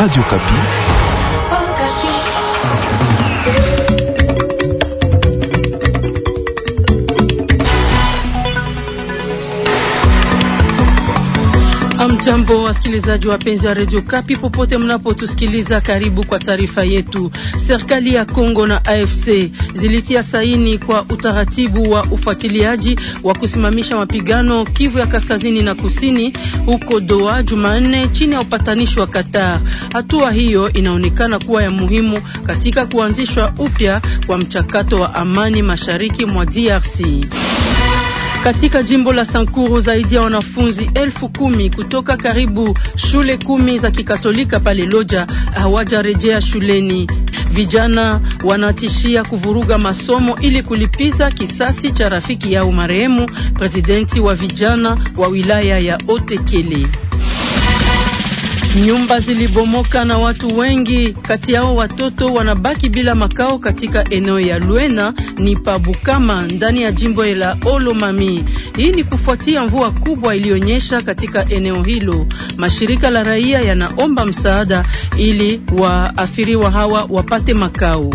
Radio Capi. jambo wasikilizaji wapenzi wa redio Kapi popote mnapotusikiliza, karibu kwa taarifa yetu. Serikali ya Kongo na AFC zilitia saini kwa utaratibu wa ufuatiliaji wa kusimamisha mapigano Kivu ya kaskazini na kusini huko Doha Jumanne, chini ya upatanishi wa Qatar. Hatua hiyo inaonekana kuwa ya muhimu katika kuanzishwa upya kwa mchakato wa amani mashariki mwa DRC. Katika jimbo la Sankuru zaidi ya wanafunzi elfu kumi kutoka karibu shule kumi za Kikatolika pale Loja hawajarejea shuleni. Vijana wanatishia kuvuruga masomo ili kulipiza kisasi cha rafiki yao marehemu presidenti wa vijana wa wilaya ya Otekele. Nyumba zilibomoka na watu wengi kati yao watoto wanabaki bila makao katika eneo ya Luena ni Pabukama ndani ya jimbo la Olomami. Hii ni kufuatia mvua kubwa iliyonyesha katika eneo hilo. Mashirika la raia yanaomba msaada ili waathiriwa hawa wapate makao.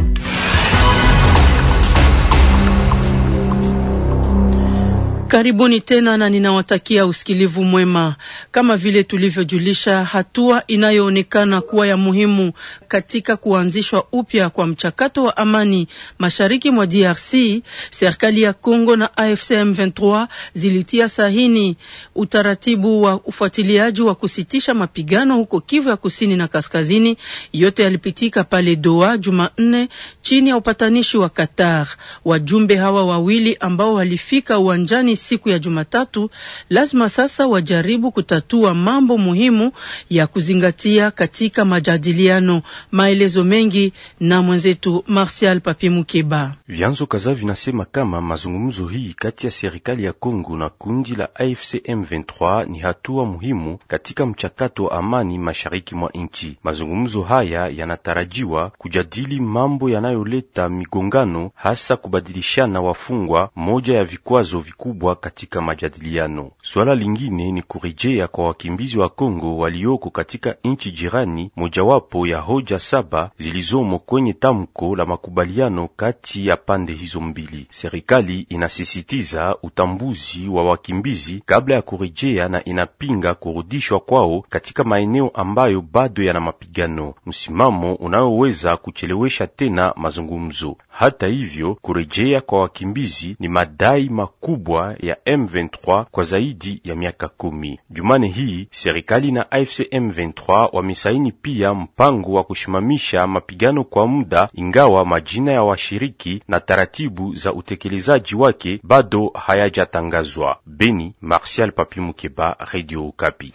Karibuni tena na ninawatakia usikilivu mwema. Kama vile tulivyojulisha, hatua inayoonekana kuwa ya muhimu katika kuanzishwa upya kwa mchakato wa amani mashariki mwa DRC, serikali ya Kongo na AFC M23 zilitia sahini utaratibu wa ufuatiliaji wa kusitisha mapigano huko Kivu ya Kusini na Kaskazini. Yote yalipitika pale Doha Jumanne chini ya upatanishi wa Qatar. Wajumbe hawa wawili ambao walifika uwanjani hii siku ya Jumatatu, lazima sasa wajaribu kutatua mambo muhimu ya kuzingatia katika majadiliano. Maelezo mengi na mwenzetu Martial Papi Mukeba. Vyanzo kadhaa vinasema kama mazungumzo hii kati ya serikali ya Kongo na kundi la AFC M23 ni hatua muhimu katika mchakato wa amani mashariki mwa nchi. Mazungumzo haya yanatarajiwa kujadili mambo yanayoleta migongano, hasa kubadilishana wafungwa, moja ya vikwazo vikubwa kubwa katika majadiliano. Swala lingine ni kurejea kwa wakimbizi wa Kongo walioko katika nchi jirani, mojawapo ya hoja saba zilizomo kwenye tamko la makubaliano kati ya pande hizo mbili. Serikali inasisitiza utambuzi wa wakimbizi kabla ya kurejea na inapinga kurudishwa kwao katika maeneo ambayo bado yana mapigano, msimamo unayoweza kuchelewesha tena mazungumzo. Hata hivyo, kurejea kwa wakimbizi ni madai makubwa ya M23 kwa zaidi ya miaka kumi. Jumane hii serikali na AFC M23 wamesaini pia mpango wa kushimamisha mapigano kwa muda, ingawa majina ya washiriki na taratibu za utekelezaji wake bado hayajatangazwa. Beni, Martial Papi Mukeba, Radio Okapi.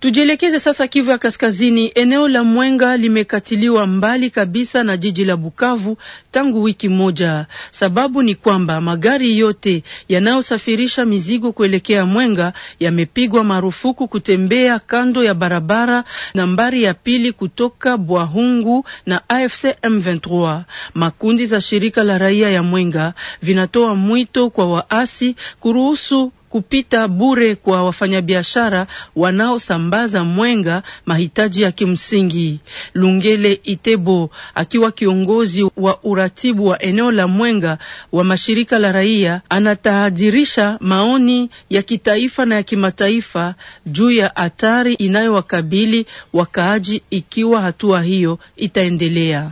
Tujielekeze sasa Kivu ya Kaskazini. Eneo la Mwenga limekatiliwa mbali kabisa na jiji la Bukavu tangu wiki moja. Sababu ni kwamba magari yote yanayosafirisha mizigo kuelekea Mwenga yamepigwa marufuku kutembea kando ya barabara nambari ya pili kutoka Bwahungu na AFC M23. Makundi za shirika la raia ya Mwenga vinatoa mwito kwa waasi kuruhusu kupita bure kwa wafanyabiashara wanaosambaza mwenga mahitaji ya kimsingi. Lungele Itebo akiwa kiongozi wa uratibu wa eneo la mwenga wa mashirika la raia anatahajirisha maoni ya kitaifa na ya kimataifa juu ya hatari inayowakabili wakaaji ikiwa hatua hiyo itaendelea.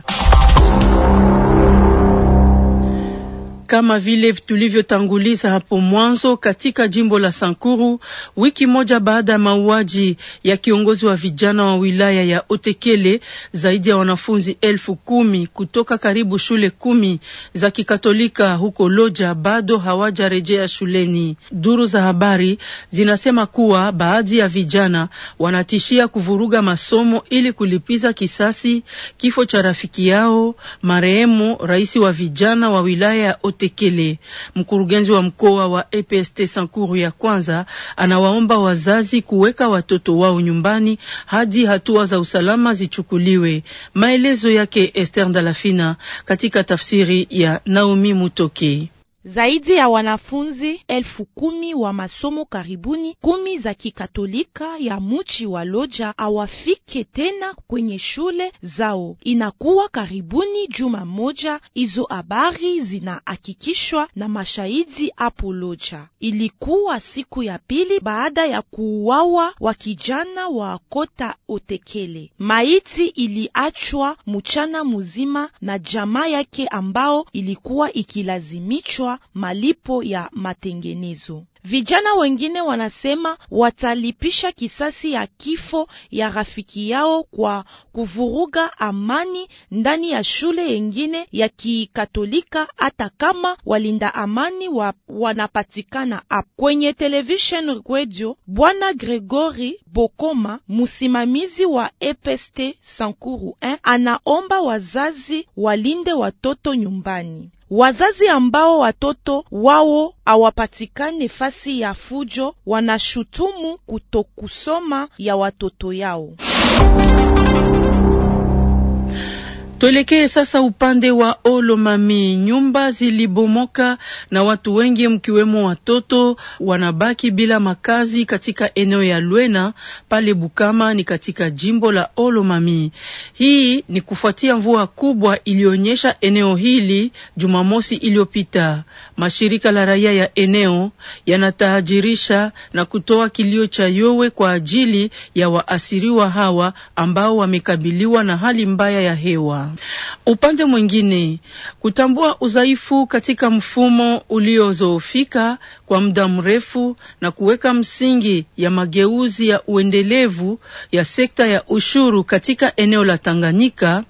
Kama vile tulivyotanguliza hapo mwanzo, katika jimbo la Sankuru, wiki moja baada ya mauaji ya kiongozi wa vijana wa wilaya ya Otekele, zaidi ya wanafunzi elfu kumi kutoka karibu shule kumi za Kikatolika huko Loja bado hawajarejea shuleni. Duru za habari zinasema kuwa baadhi ya vijana wanatishia kuvuruga masomo ili kulipiza kisasi kifo cha rafiki yao marehemu rais wa vijana wa wilaya ya Tekele. Mkurugenzi wa mkoa wa EPST Sankuru ya kwanza anawaomba wazazi kuweka watoto wao nyumbani hadi hatua za usalama zichukuliwe. Maelezo yake Esther Ndalafina katika tafsiri ya Naomi Mutoki. Zaidi ya wanafunzi elfu kumi wa masomo karibuni kumi za kikatolika ya muchi wa Loja awafike tena kwenye shule zao. Inakuwa karibuni juma moja. Hizo habari zinahakikishwa na mashahidi hapo Loja. Ilikuwa siku ya pili baada ya kuuawa wa kijana wa Kota Otekele. Maiti iliachwa mchana mzima na jamaa yake ambao ilikuwa ikilazimichwa malipo ya matengenezo. Vijana wengine wanasema watalipisha kisasi ya kifo ya rafiki yao kwa kuvuruga amani ndani ya shule yengine ya Kikatolika, hata kama walinda amani wa wanapatikana hapo. Kwenye television radio, Bwana Gregory Bokoma, msimamizi wa EPST Sankuru 1, eh, anaomba wazazi walinde watoto nyumbani. Wazazi ambao watoto wao hawapatikani fasi ya fujo wanashutumu kutokusoma ya watoto yao. Tuelekee sasa upande wa Olomami. Nyumba zilibomoka na watu wengi mkiwemo watoto wanabaki bila makazi katika eneo ya Lwena pale Bukama ni katika jimbo la Olomami. Hii ni kufuatia mvua kubwa iliyoonyesha eneo hili Jumamosi iliyopita. Mashirika la raia ya eneo yanatajirisha na kutoa kilio cha yowe kwa ajili ya waasiriwa hawa ambao wamekabiliwa na hali mbaya ya hewa. Upande mwingine, kutambua udhaifu katika mfumo uliozoofika kwa muda mrefu na kuweka msingi ya mageuzi ya uendelevu ya sekta ya ushuru katika eneo la Tanganyika.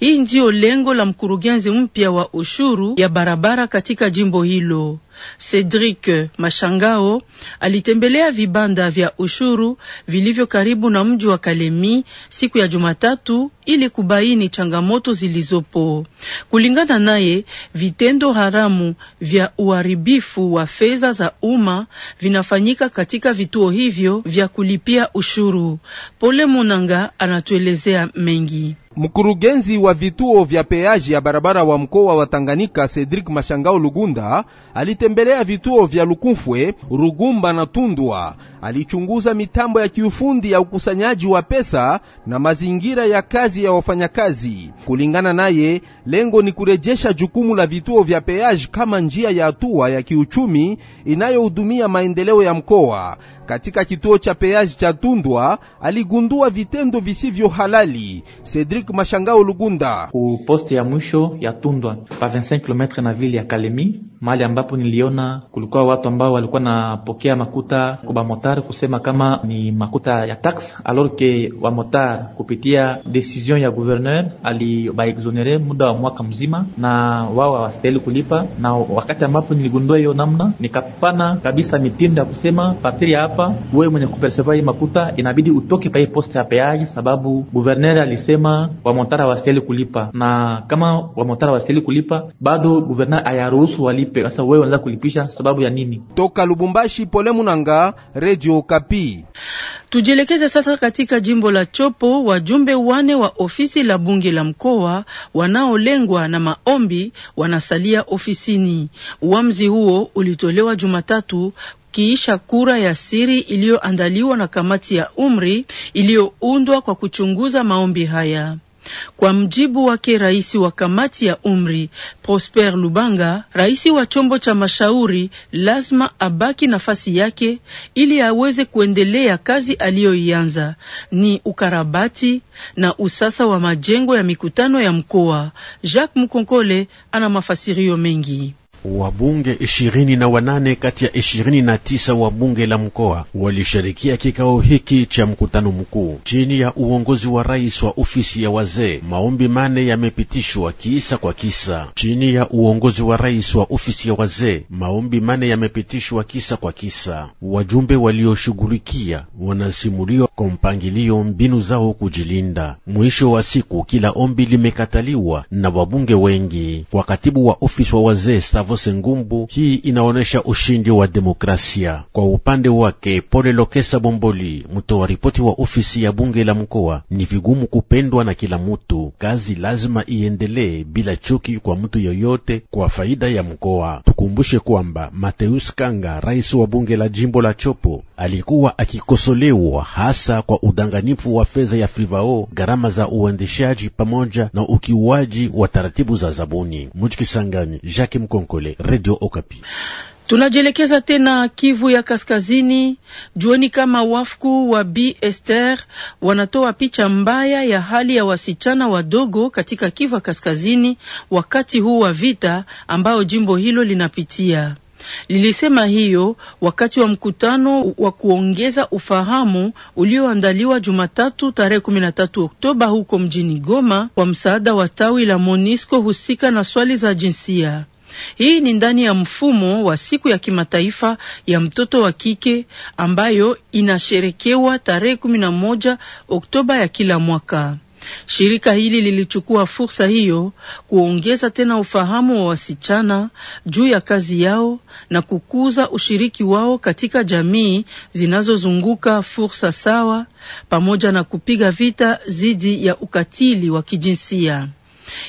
Hii ndiyo lengo la mkurugenzi mpya wa ushuru ya barabara katika jimbo hilo. Cedric Mashangao alitembelea vibanda vya ushuru vilivyo karibu na mji wa Kalemi siku ya Jumatatu ili kubaini changamoto zilizopo. Kulingana naye, vitendo haramu vya uharibifu wa fedha za umma vinafanyika katika vituo hivyo vya kulipia ushuru. Pole Munanga anatuelezea mengi. Mkurugenzi wa vituo vya peaji ya barabara wa mkoa wa Tanganyika Cedric Mashangao Lugunda alitembelea vituo vya lukufwe Rugumba na Tundwa. Alichunguza mitambo ya kiufundi ya ukusanyaji wa pesa na mazingira ya kazi ya wafanyakazi. Kulingana naye, lengo ni kurejesha jukumu la vituo vya peaji kama njia ya hatua ya kiuchumi inayohudumia maendeleo ya mkoa katika kituo cha peage cha Tundwa aligundua vitendo visivyo halali. Cedric Mashangao Lugunda, ku poste ya mwisho ya Tundwa pa 25 km na vile ya Kalemi mahali ambapo niliona kulikuwa watu ambao walikuwa napokea makuta kwa bamotar kusema kama ni makuta ya tax, alors que motar kupitia decision ya gouverneur alibaexonere muda wa mwaka mzima, na wao hawastahili kulipa. Na wakati ambapo niligundua hiyo namna, nikapana kabisa mitindo ya kusema ya hapa wewe mwenye kuperseva hii makuta inabidi utoke pa hii poste ya peage sababu gouverneur alisema motar hawastahili kulipa, na kama motar hawastahili kulipa bado gouverneur ayaruhusu walipa ulipe. Sasa wewe unaanza kulipisha sababu ya nini? Toka Lubumbashi, Pole Munanga, Radio Kapi. Tujielekeze sasa katika jimbo la Chopo. Wajumbe wane wa ofisi la bunge la mkoa wanaolengwa na maombi wanasalia ofisini. Uamuzi huo ulitolewa Jumatatu kiisha kura ya siri iliyoandaliwa na kamati ya umri iliyoundwa kwa kuchunguza maombi haya. Kwa mjibu wake rais wa kamati ya umri Prosper Lubanga, rais wa chombo cha mashauri lazima abaki nafasi yake ili aweze kuendelea kazi aliyoianza, ni ukarabati na usasa wa majengo ya mikutano ya mkoa. Jacques Mukonkole ana mafasirio mengi. Wabunge ishirini na wanane kati ya ishirini na tisa wa bunge la mkoa walishirikia kikao hiki cha mkutano mkuu chini ya uongozi wa rais wa ofisi ya wazee. Maombi mane yamepitishwa kisa kwa kisa chini ya uongozi wa rais wa ofisi ya wazee. Maombi mane yamepitishwa kisa kwa kisa. Wajumbe walioshughulikia wanasimuliwa kwa mpangilio mbinu zao kujilinda. Mwisho wa siku, kila ombi limekataliwa na wabunge wengi. Kwa katibu wa ofisi wa wazee Stavose Ngumbu, hii inaonyesha ushindi wa demokrasia. Kwa upande wake, Pole Lokesa Bomboli, mtoa ripoti wa ofisi ya bunge la mkoa, ni vigumu kupendwa na kila mtu. Kazi lazima iendelee bila chuki kwa mtu yoyote, kwa faida ya mkoa. Tukumbushe kwamba Mateus Kanga, rais wa bunge la jimbo la Chopo, alikuwa akikosolewa hasa hasa kwa udanganyifu wa fedha ya Frivao, gharama za uendeshaji pamoja na ukiuaji wa taratibu za zabuni. Mujikisangani, Jacques Mkonkole, Radio Okapi. Tunajielekeza tena Kivu ya Kaskazini. Jueni kama wafuku wa B Ester wanatoa picha mbaya ya hali ya wasichana wadogo katika Kivu ya Kaskazini wakati huu wa vita ambao jimbo hilo linapitia. Lilisema hiyo wakati wa mkutano wa kuongeza ufahamu ulioandaliwa Jumatatu tarehe 13 Oktoba huko mjini Goma kwa msaada wa tawi la monisco husika na swali za jinsia. Hii ni ndani ya mfumo wa siku ya kimataifa ya mtoto wa kike ambayo inasherekewa tarehe 11 Oktoba ya kila mwaka. Shirika hili lilichukua fursa hiyo kuongeza tena ufahamu wa wasichana juu ya kazi yao na kukuza ushiriki wao katika jamii zinazozunguka fursa sawa pamoja na kupiga vita dhidi ya ukatili wa kijinsia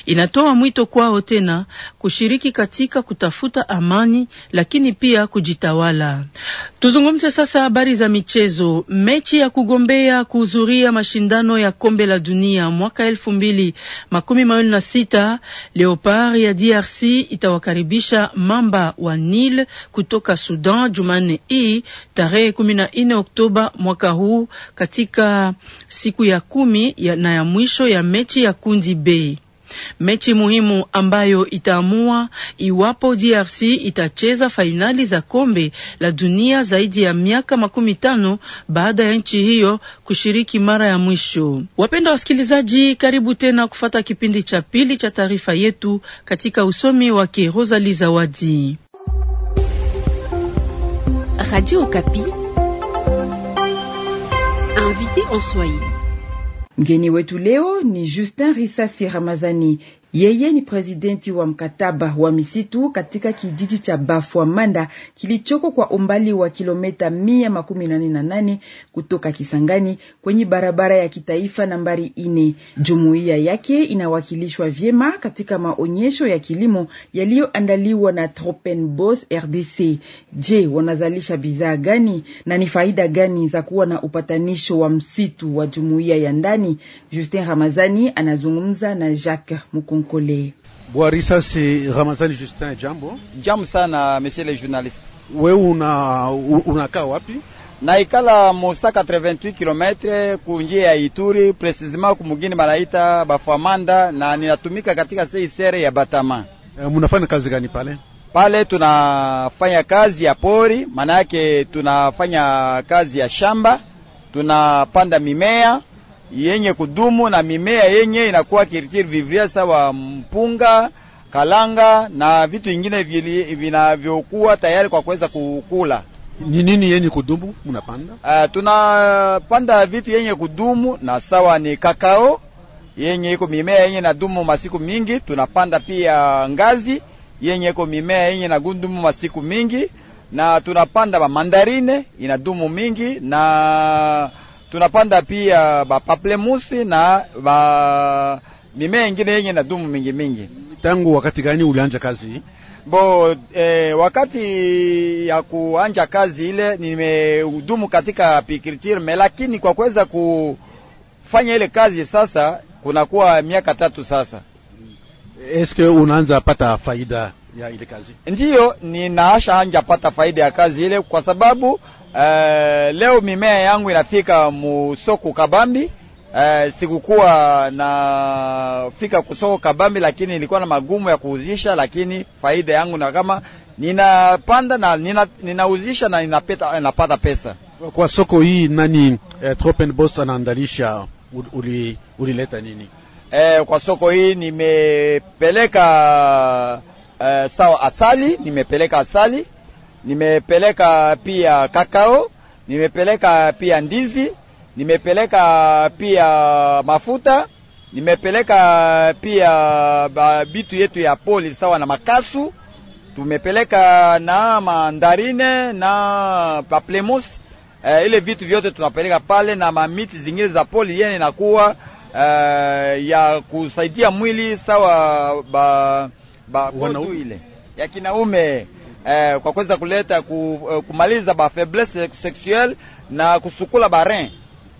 inatoa mwito kwao tena kushiriki katika kutafuta amani, lakini pia kujitawala. Tuzungumze sasa habari za michezo. Mechi ya kugombea kuhudhuria mashindano ya kombe la dunia mwaka elfu mbili makumi mawili na sita Leopard ya DRC itawakaribisha mamba wa Nil kutoka Sudan Jumanne hii tarehe kumi na nne Oktoba mwaka huu katika siku ya kumi ya na ya mwisho ya mechi ya kundi B mechi muhimu ambayo itaamua iwapo DRC itacheza fainali za kombe la dunia zaidi ya miaka makumi tano baada ya nchi hiyo kushiriki mara ya mwisho. Wapenda wasikilizaji, karibu tena kufata kipindi cha pili cha taarifa yetu katika usomi wake rosali Zawadi. Radio Okapi, invité en Swahili. Ni wetu leo ni Justin Risasi Ramazani, Yeye ni presidenti wa mkataba wa misitu katika kijiji cha Bafwamanda kilichoko kwa umbali wa kilomita mia makumi nane na nane kutoka Kisangani kwenye barabara ya kitaifa nambari ine. Jumuiya yake inawakilishwa vyema katika maonyesho ya kilimo yaliyoandaliwa na Tropenbos RDC. Je, wanazalisha bidhaa gani na ni faida gani za kuwa na upatanisho wa msitu wa jumuiya ya ndani? Justin Ramazani anazungumza na Jacques Mukungu. Konkole. si Ramazani Justin, jambo. Jambo sana monsieur le journaliste. We una unakaa wapi? Naikala Mosa 88 kilometre kunjia ya Ituri, presizima kumugini banaita Bafamanda, na ninatumika katika sere ya Batama. E, munafanya kazi gani pale? Pale tunafanya kazi ya pori, maana yake tunafanya kazi ya shamba, tunapanda mimea yenye kudumu na mimea yenye inakuwa kirikiri vivria sawa mpunga, kalanga na vitu vingine vinavyokuwa tayari kwa kuweza kukula. Ni nini yenye kudumu mnapanda? Uh, tunapanda vitu yenye kudumu na sawa ni kakao yenye iko mimea yenye nadumu masiku mingi. Tunapanda pia ngazi yenye iko mimea yenye nadumu masiku mingi, na tunapanda mamandarine inadumu mingi na tunapanda pia bapaplemusi na ba mimea ingine yenye na dumu mingi mingi. Tangu wakati gani ulianja kazi? Bo eh, wakati ya kuanja kazi ile nimehudumu katika pikirichiri me, lakini kwa kuweza kufanya ile kazi sasa kunakuwa miaka tatu sasa. Eske unaanza pata faida? ya ile kazi, ndiyo ninaasha njapata faida ya kazi ile, kwa sababu uh, leo mimea yangu inafika musoko kabambi. Uh, sikukuwa nafika kusoko kabambi, lakini nilikuwa na magumu ya kuuzisha, lakini faida yangu na kama ninapanda na nina, na ninapeta, napata pesa kwa soko hii. Nani eh, Tropenbos anaandalisha ulileta nini eh, kwa soko hii nimepeleka eh, sawa asali, nimepeleka asali, nimepeleka pia kakao, nimepeleka pia ndizi, nimepeleka pia mafuta, nimepeleka pia bitu yetu ya poli sawa na makasu, tumepeleka na mandarine na paplemos eh, ile vitu vyote tunapeleka pale na mamiti zingine za poli yene inakuwa uh, ya kusaidia mwili sawa ba, bapotu ile ya kinaume eh, kwa kuweza kuleta ku, eh, kumaliza ba faiblesse sexuelle na kusukula barin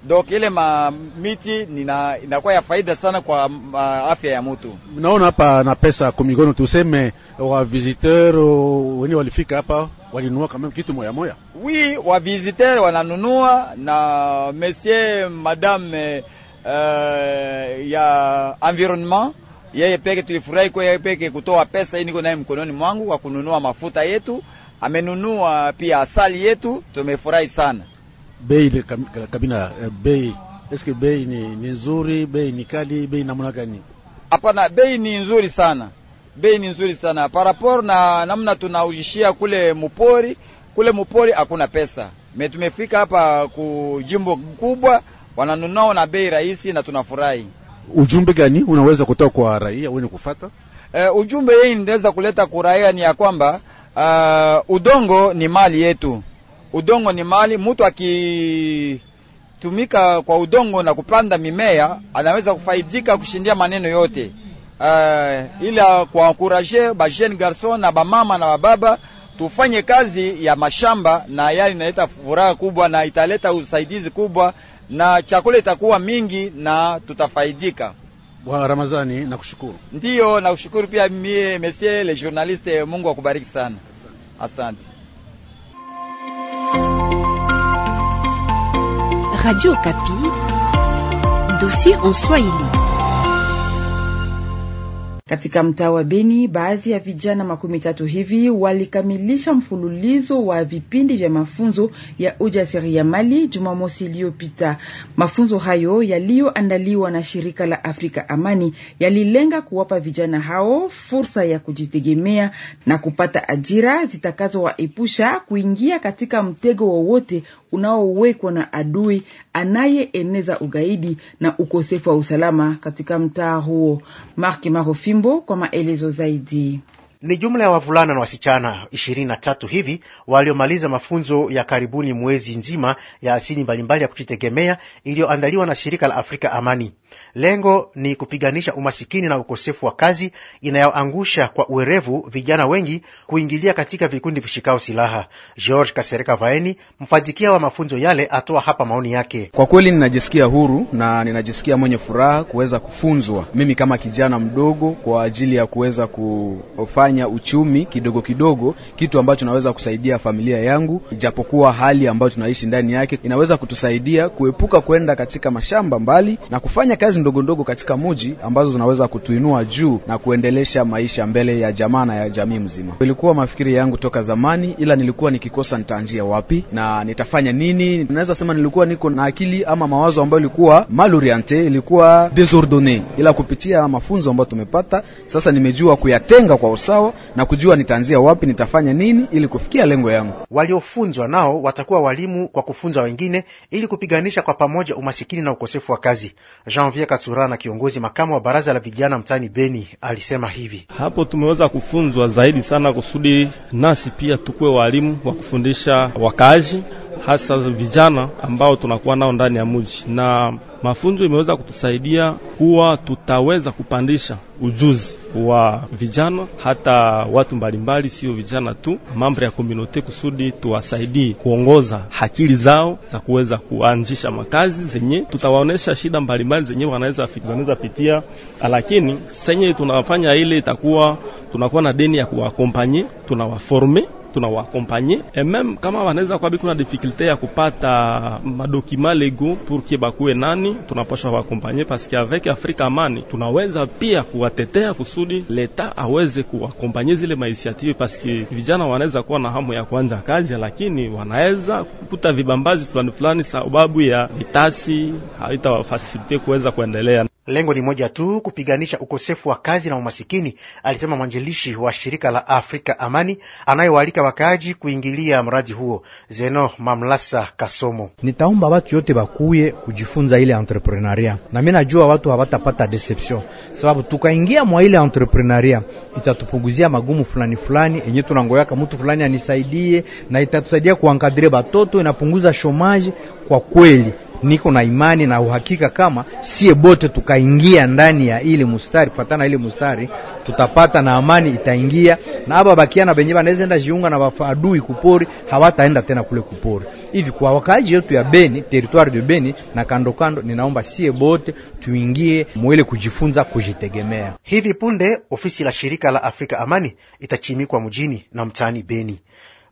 donc ile ma miti nina, inakuwa ya faida sana kwa uh, afya ya mutu Naona hapa na pesa kumikono, tuseme wa visiteur wenye walifika hapa walinunua kama kitu moya moya. Oui, wa visiteur wananunua na monsieur madame uh, ya environnement yeye peke. Tulifurahi kwa yeye peke kutoa pesa hii, niko naye mkononi mwangu kwa kununua mafuta yetu, amenunua pia asali yetu, tumefurahi sana. Bei kabina eh, bei, eske bei ni, ni nzuri? Bei ni kali? Bei namna gani? Hapana, bei ni nzuri sana, bei ni nzuri sana parapor na namna tunaujishia kule mupori. Kule mupori hakuna pesa me, tumefika hapa kujimbo kubwa, wananunua na bei rahisi, na tunafurahi ujumbe gani unaweza kutoa kwa raia wenye kufata? Uh, ujumbe yeye inaweza kuleta kwa raia ni ya kwamba uh, udongo ni mali yetu, udongo ni mali. Mtu akitumika kwa udongo na kupanda mimea anaweza kufaidika kushindia maneno yote. Uh, ila kuankuraje ba jeune garçon na bamama na bababa tufanye kazi ya mashamba, na yale inaleta furaha kubwa na italeta usaidizi kubwa, na chakula itakuwa mingi na tutafaidika. Bwana Ramazani, nakushukuru. Ndiyo, nakushukuru pia mie monsieur le journaliste. Mungu akubariki sana, asante. Radio Kapi, dossier en Swahili. Katika mtaa wa Beni, baadhi ya vijana makumi tatu hivi walikamilisha mfululizo wa vipindi vya mafunzo ya ujasiriamali Jumamosi iliyopita. Mafunzo hayo yaliyoandaliwa na shirika la Afrika Amani yalilenga kuwapa vijana hao fursa ya kujitegemea na kupata ajira zitakazowaepusha kuingia katika mtego wowote unaowekwa na adui anayeeneza ugaidi na ukosefu wa usalama katika mtaa huo. Mark Marofimbo kwa maelezo zaidi. Ni jumla ya wavulana na wasichana ishirini na tatu hivi waliomaliza mafunzo ya karibuni mwezi nzima ya asili mbalimbali ya kujitegemea iliyoandaliwa na shirika la Afrika Amani. Lengo ni kupiganisha umasikini na ukosefu wa kazi inayoangusha kwa uerevu vijana wengi kuingilia katika vikundi vishikao silaha. George Kasereka Vaeni, mfadhikia wa mafunzo yale, atoa hapa maoni yake. Kwa kweli ninajisikia huru na ninajisikia mwenye furaha kuweza kufunzwa mimi kama kijana mdogo kwa ajili ya kuweza kufanya uchumi kidogo kidogo, kitu ambacho naweza kusaidia familia yangu, ijapokuwa hali ambayo tunaishi ndani yake inaweza kutusaidia kuepuka kwenda katika mashamba mbali na kufanya kazi ndogo ndogo katika muji ambazo zinaweza kutuinua juu na kuendelesha maisha mbele ya jamaa na ya jamii mzima. Ilikuwa mafikiri yangu toka zamani, ila nilikuwa nikikosa nitaanjia wapi na nitafanya nini. Naweza sema nilikuwa niko na akili ama mawazo ambayo ilikuwa maloriente, ilikuwa desordone, ila kupitia mafunzo ambayo tumepata sasa nimejua kuyatenga kwa usawa na kujua nitaanzia wapi, nitafanya nini ili kufikia lengo yangu. Waliofunzwa nao watakuwa walimu kwa kufunza wengine ili kupiganisha kwa pamoja umasikini na ukosefu wa kazi. Jean Janvier na kiongozi makamu wa baraza la vijana mtaani Beni, alisema hivi: hapo tumeweza kufunzwa zaidi sana kusudi nasi pia tukuwe walimu wa kufundisha wakazi hasa vijana ambao tunakuwa nao ndani ya mji, na mafunzo imeweza kutusaidia kuwa tutaweza kupandisha ujuzi wa vijana hata watu mbalimbali, sio vijana tu, mambo ya komunote, kusudi tuwasaidie kuongoza akili zao za kuweza kuanzisha makazi zenye tutawaonesha shida mbalimbali zenye wanaweza wanaweza pitia, lakini senye tunafanya ile itakuwa tunakuwa na deni ya kuwakompanye, tunawaforme tunawakompanye e meme kama wanaweza kwabi kuna difficulté ya kupata madokima lego pour que bakuwe nani, tunapasha wakompanye paske avec Africa Mani tunaweza pia kuwatetea kusudi leta aweze kuwakompanye zile parce que vijana wanaweza kuwa na hamu ya kuanza kazi, lakini wanaweza kukuta vibambazi fulani fulani sababu ya vitasi haitawafasilite kuweza kuendelea. Lengo ni moja tu, kupiganisha ukosefu wa kazi na umasikini, alisema mwanjilishi wa shirika la Afrika Amani anayewaalika wakaaji kuingilia mradi huo, Zeno Mamlasa Kasomo. Nitaomba watu yote bakuye kujifunza ile entreprenaria na mimi najua watu hawatapata deception, sababu tukaingia mwa ile entreprenaria itatupunguzia magumu fulani fulani enye tunangoyaka mtu fulani anisaidie, na itatusaidia kuankadire batoto, inapunguza shomaji kwa kweli niko na imani na uhakika kama sie bote tukaingia ndani ya ili mustari kufatana ili mustari tutapata na amani itaingia, na aba bakiana benye banaweza enda jiunga na wafadui kupori hawataenda tena kule kupori. Hivi kwa wakaji yetu ya Beni, territoire de Beni na kando kando, ninaomba sie bote tuingie mwele kujifunza kujitegemea. Hivi punde ofisi la shirika la Afrika Amani itachimikwa mjini na mtaani Beni.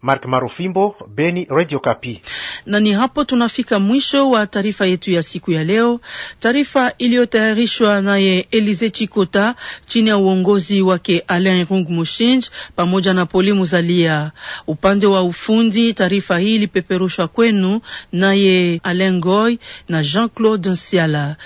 Mark Marufimbo, Beni, Radio Kapi. Na ni hapo tunafika mwisho wa taarifa yetu ya siku ya leo, taarifa iliyotayarishwa naye Elize Chikota chini ya uongozi wake Alain Rung Mushinj pamoja na Poli Muzalia. Upande wa ufundi, taarifa hii ilipeperushwa kwenu naye Alain Goy na Jean-Claude Nsiala.